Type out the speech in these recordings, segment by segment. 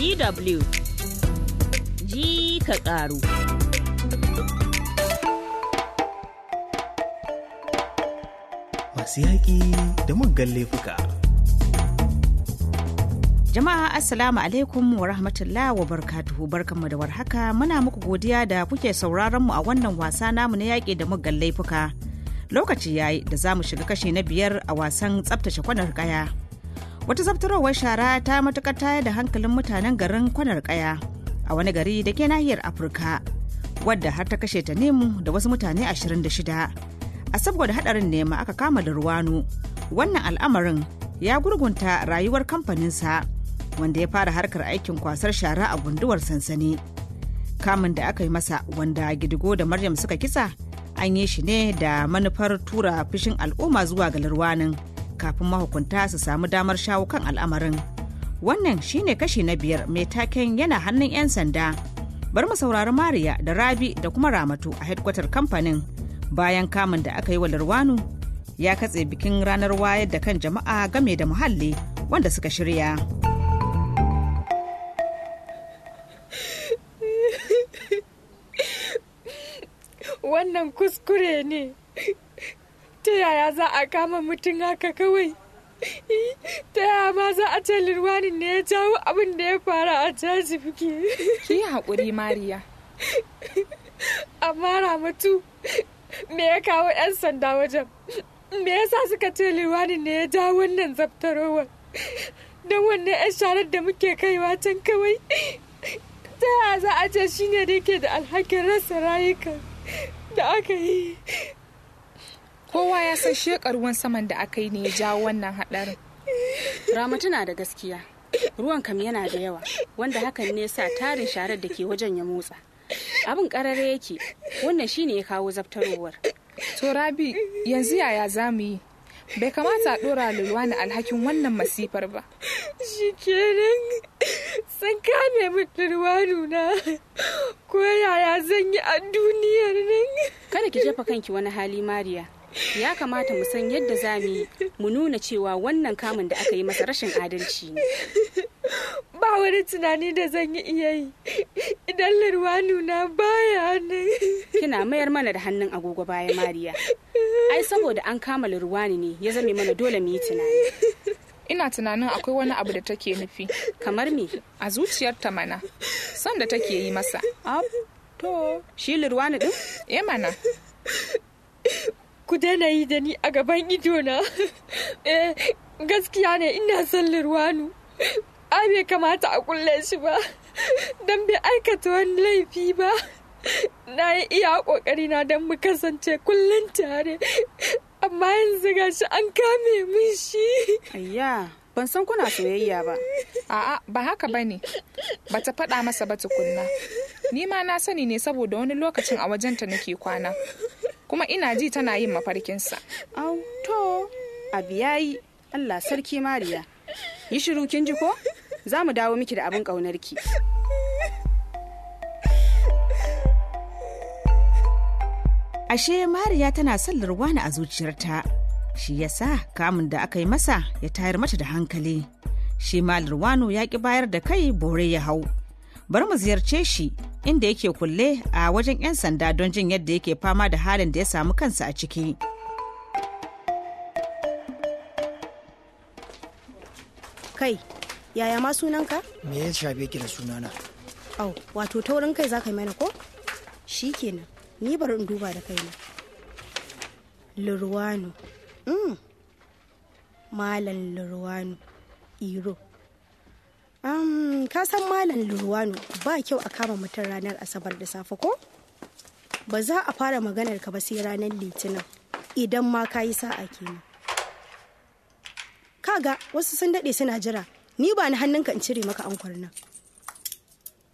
DW ji ka ƙaru. Masu yaƙi da muggan laifuka. Jama'a Assalamu alaikum wa rahmatullah wa barkatuhu barkanmu da warhaka muna muku godiya da kuke sauraron mu a wannan wasa namu na yaƙi da muggan laifuka. Lokaci yayi da za mu shiga kashi na biyar a wasan tsabtace kwanar kaya. wata zabtarowar shara ta matuƙar tayar da hankalin mutanen garin kwanar kaya a wani gari da ke nahiyar afirka wadda har ta kashe ta nemu da wasu mutane 26 a saboda hadarin nema aka kama da ruwanu wannan al'amarin ya gurgunta rayuwar kamfaninsa wanda ya fara harkar aikin kwasar shara a gunduwar sansani kamun da aka yi masa wanda gidigo da maryam suka kisa an yi shi ne da manufar tura fishin al'umma zuwa ga larwanin kafin mahukunta su samu damar shawo kan al'amarin wannan shine kashi na biyar mai taken yana hannun 'yan sanda bar mu saurari mariya da rabi da kuma ramatu a hedkwatar kamfanin bayan kamun da aka yi wa larwanu ya katse bikin ranar wayar da kan jama'a game da muhalli wanda suka shirya wannan kuskure ne ta yaya za a kama mutum haka kawai ta yaya ma za a ce lirwanin ne ya jawo abin da ya fara a caji ki yi haƙuri mariya amma ramatu me ya kawo 'yan sanda wajen me ya sa suka ce lirwanin ne ya ja wannan zaftarowar don wannan 'yan sharar da muke kaiwa can kawai ta yaya za a ce shine da ke da alhakin rasa rayuka da aka yi kowa ya san shekar ruwan saman da aka yi ne ya jawo wannan hadarin. rama tana da gaskiya ruwan kam yana da yawa wanda hakan ne sa tarin sharar da ke wajen ya motsa abin karare yake wannan shine ya kawo zabtarowar to rabi yanzu yaya za mu yi bai kamata a ɗora lulwa na alhakin wannan masifar ba shi kenan san kame mutum nuna ko yaya zan yi a duniyar nan kada ki jefa kanki wani hali mariya ya kamata mu san yadda za mu yi mu nuna cewa wannan kamun da aka yi masa rashin adalci ne ba wani tunani da zan yi iya idan larwanu na baya ne kina mayar mana da hannun agogo baya mariya ai saboda an kama larwani ne ya zame mana dole mu yi tunani ina tunanin akwai wani abu da take nufi kamar me a zuciyarta mana son da take yi masa to shi lirwani din eh mana ku daina yi da ni a gaban idona eh, gaskiya ne ina son lirwanu ai bai kamata a kulle shi ba don bai aikata wani laifi ba na yi iya kokari na don mu kasance kullum tare amma yanzu gashi an kame min shi ayya ban san kuna soyayya ba a'a ba haka ba ne. Ba ta faɗa masa ba tukunna ni ma na sani ne saboda wani lokacin a wajenta nake kwana kuma ina ji tana yin mafarkinsa au to abu yi. allah sarki mariya yi shiru kin ji ko za mu dawo miki da abin ƙaunarki ashe mariya tana son lurwana a zuciyarta shi yasa kamun da aka yi masa ya tayar mata da hankali shi ma lurwano ya ƙi bayar da kai bore ya hau bari mu ziyarce shi inda yake kulle a wajen 'yan sanda don jin yadda yake fama da halin da ya samu kansa a ciki. Kai, yaya ma sunanka? Me ya shafe ki da sunana? Au, wato taurin kai za ka yi mana ko? Shi kenan, ni bari in duba da kaina. Lurwano. Mm. Malam Lurwano. Iro. Um, ka san malam Lurwano ba kyau a kama mutum ranar Asabar da safe ko? Ba za a fara maganar ka ba sai ranar Litinin idan ma ka yi sa'a kenan. Kaga wasu sun daɗe suna jira, ni ba ni hannunka in cire maka ankwar nan.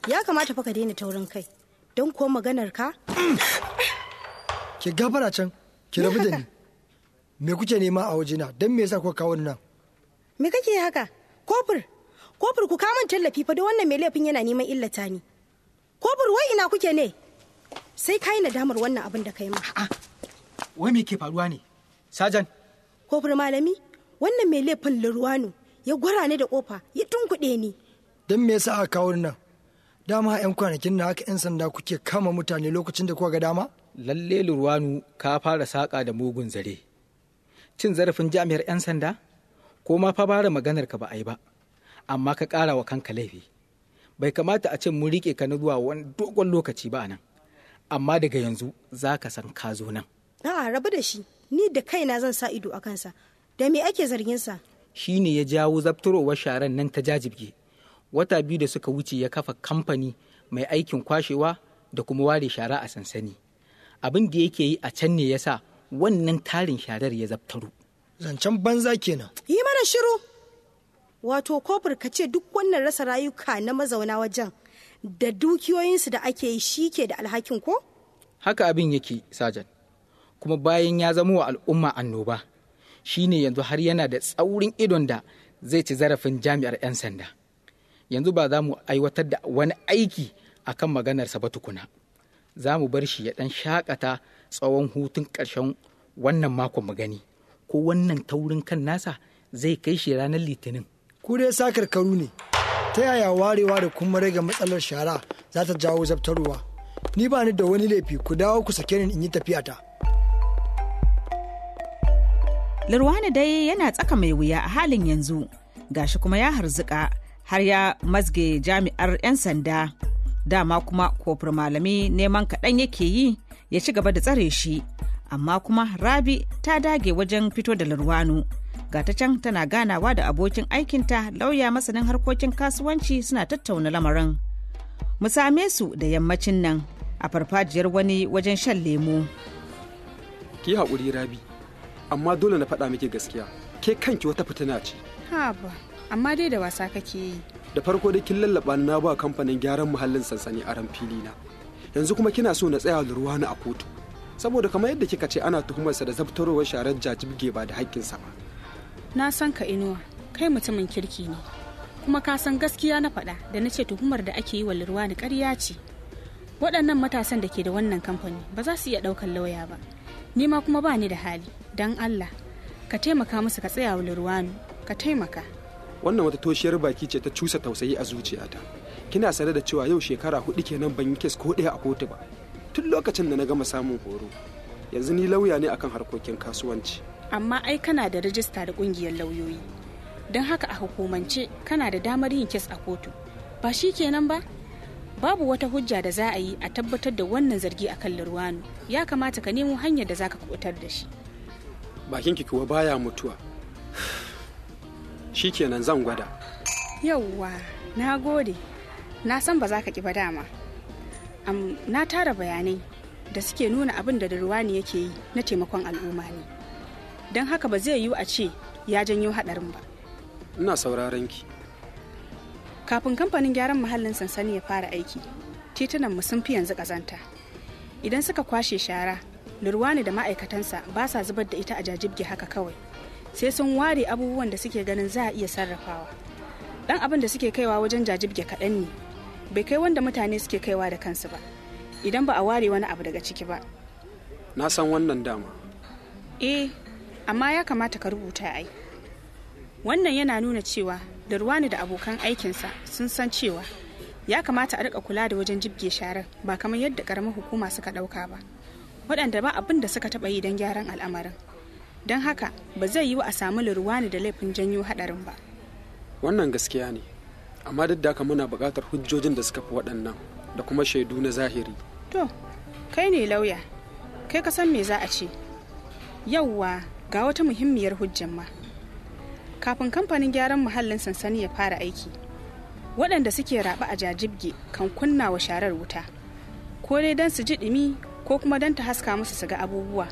Ya kamata fa ka daina taurin kai, don kuwa maganar ka? Ki gabara can, ki rabu da ni. Me kuke nema a wajena, don me yasa kuka kawo nan? Me kake haka? Kofur, kofur ku kamun tallafi fa da wannan mai laifin yana neman illata ni kofur wai ina kuke ne sai kai nadamar wannan abin da kai ma a'a wai me ke faruwa ne sajan kofur malami wannan mai laifin lirwanu ya gwara ni da kofa ya tunkuɗe ni dan me yasa aka kawo nan dama yan kwanakin na haka yan sanda kuke kama mutane lokacin da kuka ga dama lalle lurwanu ka fara saƙa da mugun zare cin zarafin jami'ar yan sanda ko ma fa bara maganar ka ba a yi ba amma ka ƙara wa kanka laifi bai kamata a ce mun riƙe ka na zuwa wani dogon lokaci ba nan amma daga yanzu za ka san ka zo nan a'a rabu da shi ni da kaina zan sa ido a kansa da me ake zargin sa shi ne ya jawo zabtarowar sharan nan ta jajibge wata biyu da suka wuce ya kafa kamfani mai aikin kwashewa da kuma ware shara a sansani abin da yake yi a can ne ya sa wannan tarin sharar ya zabtaro zancen banza kenan yi mana shiru wato kofar ka ce duk wannan rasa rayuka na mazauna wajen da dukiyoyinsu da ake yi shi ke da alhakin ko? haka abin yake sajan kuma bayan ya zama wa al'umma annoba shi ne yanzu har yana da tsaurin idon da zai ci zarafin jami'ar 'yan sanda yanzu ba za mu aiwatar da wani aiki a kan maganarsa ba tukuna za mu bar shi ya ɗan shakata tsawon hutun ƙarshen wannan makon mu gani ko wannan taurin kan nasa zai kai shi ranar litinin ku dai sakarkaru ne ta yaya warewa da kuma rage matsalar shara za ta jawo zabtarwa ni ba ni da wani laifi ku dawo ku sake ni in yi tafiya ta. Lurwani dai yana tsaka mai wuya a halin yanzu gashi kuma ya harzuka har ya mazge jami'ar 'yan sanda dama kuma kofar malami neman kaɗan yake yi ya ci gaba da tsare shi amma kuma rabi ta dage wajen fito da larwanu ga ta can tana ganawa da abokin aikinta lauya masanin harkokin kasuwanci suna tattauna lamarin mu same su da yammacin nan a farfajiyar wani wajen shan lemo ki haƙuri rabi amma dole na faɗa miki gaskiya ke kanki wata fitina ce haba amma dai da wasa kake yi da farko dai kin lallaba na ba kamfanin gyaran muhallin sansani a ran fili na yanzu kuma kina so na tsaya da ruwa na a kotu saboda kamar yadda kika ce ana tuhumarsa da zabtarowar sharar jajibge ba da haƙƙinsa ba na san ka inuwa kai mutumin kirki ne kuma ka san gaskiya na faɗa da na ce tuhumar da ake yi wa lirwani karya ce waɗannan matasan da ke da wannan kamfani ba za su iya ɗaukar lauya ba ni ma kuma ba ni da hali don allah ka taimaka musu ka tsaya wa lirwani ka taimaka wannan wata toshiyar baki ce ta cusa tausayi a zuciyata kina sane da cewa yau shekara hudu kenan ban yi kes ko ɗaya a kotu ba tun lokacin da na gama samun horo yanzu ni lauya ne akan harkokin kasuwanci amma ai kana da rajista da kungiyar lauyoyi don haka a hukumance kana da damar yin kes a kotu ba shi kenan ba babu wata hujja da za a yi a tabbatar da wannan zargi a kan larwano ya kamata ka nemo hanyar da za ka kubutar da shi bakin ki kuwa baya mutuwa shi kenan zan gwada yauwa na gode na san ba za ka ki ba dama na tara bayanai da suke nuna abin da ruwani yake yi na taimakon al'umma ne don haka ba zai yiwu a ce ya janyo haɗarin ba ina sauraron ki kafin kamfanin gyaran muhallin sansani ya fara aiki titunan mu sun fi yanzu ƙazanta idan suka kwashe shara lurwani da ma'aikatansa ba sa zubar da ita a jajibge haka kawai sai sun ware abubuwan da suke ganin za a iya sarrafawa dan abin da suke kaiwa wajen jajibge kaɗan ne bai kai wanda mutane suke kaiwa da kansu ba idan ba a ware wani abu daga ciki ba na san wannan dama eh amma ya kamata ka rubuta ai wannan yana nuna cewa da ruwani da abokan aikinsa sun san cewa ya kamata a rika kula da wajen jibge sharar ba kamar yadda karamin hukuma suka dauka ba waɗanda ba abin da suka taɓa yi don gyaran al'amarin don haka ba zai yi wa a samu ruwani da laifin janyo haɗarin ba wannan gaskiya ne amma duk da muna buƙatar hujjojin da suka fi waɗannan da kuma shaidu na zahiri to kai ne lauya kai ka san me za a ce yauwa ga wata muhimmiyar hujjan ma kafin kamfanin gyaran muhallin sansani ya fara aiki waɗanda suke raɓa a jajibge kan kunna wa sharar wuta ko dai don su ji ɗumi ko kuma don ta haska musu su ga abubuwa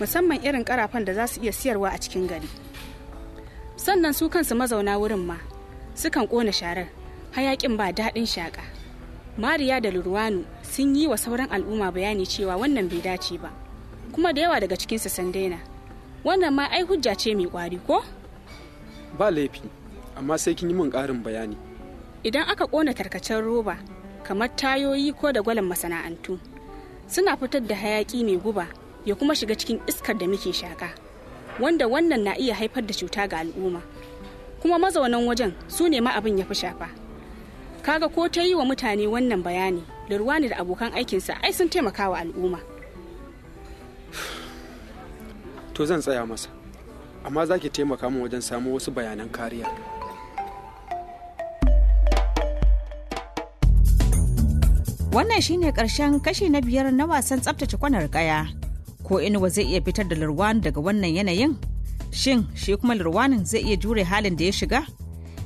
musamman irin karafan da za su iya siyarwa a cikin gari sannan su kansu mazauna wurin ma sukan ƙona sharar hayaƙin ba daɗin shaƙa mariya da lurwanu sun yi wa sauran al'umma bayani cewa wannan bai dace ba kuma da yawa daga cikinsu sun daina wannan ma ai hujja ce mai kwari ko ba laifi amma sai kin yi min ƙarin bayani idan aka kona tarkacen roba kamar tayoyi ko da gwalan masana'antu suna fitar da hayaƙi mai guba ya kuma shiga cikin iskar da muke shaƙa wanda wannan na iya haifar da cuta ga al'umma kuma mazaunan wajen su ne ma abin ya fi shafa kaga ko ta yi wa mutane wannan bayani da ruwa ne da abokan aikinsa ai sun taimaka wa al'umma to zan tsaya masa amma za ki taimaka min wajen samu wasu bayanan kariya wannan shine karshen kashi na biyar na wasan tsabtace kwanar kaya ko inuwa zai iya fitar da lurwan daga wannan yanayin shin shi kuma lurwanin zai iya jure halin da ya shiga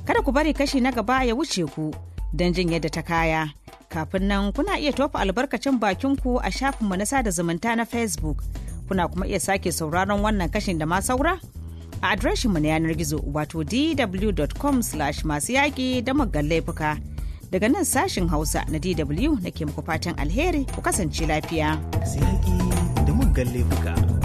kada ku bari kashi na gaba ya wuce ku don jin yadda ta kaya kafin nan kuna iya tofa albarkacin bakinku a shafinmu na sada zumunta na facebook kuna kuma iya sake sauraron wannan kashin da ma saura a adireshinmu na yanar gizo wato dw.com slash masu yaƙi da muggan laifuka daga nan sashin hausa na dw na ke muku fatan alheri ku kasance lafiya. Masu yaƙi da muggan laifuka.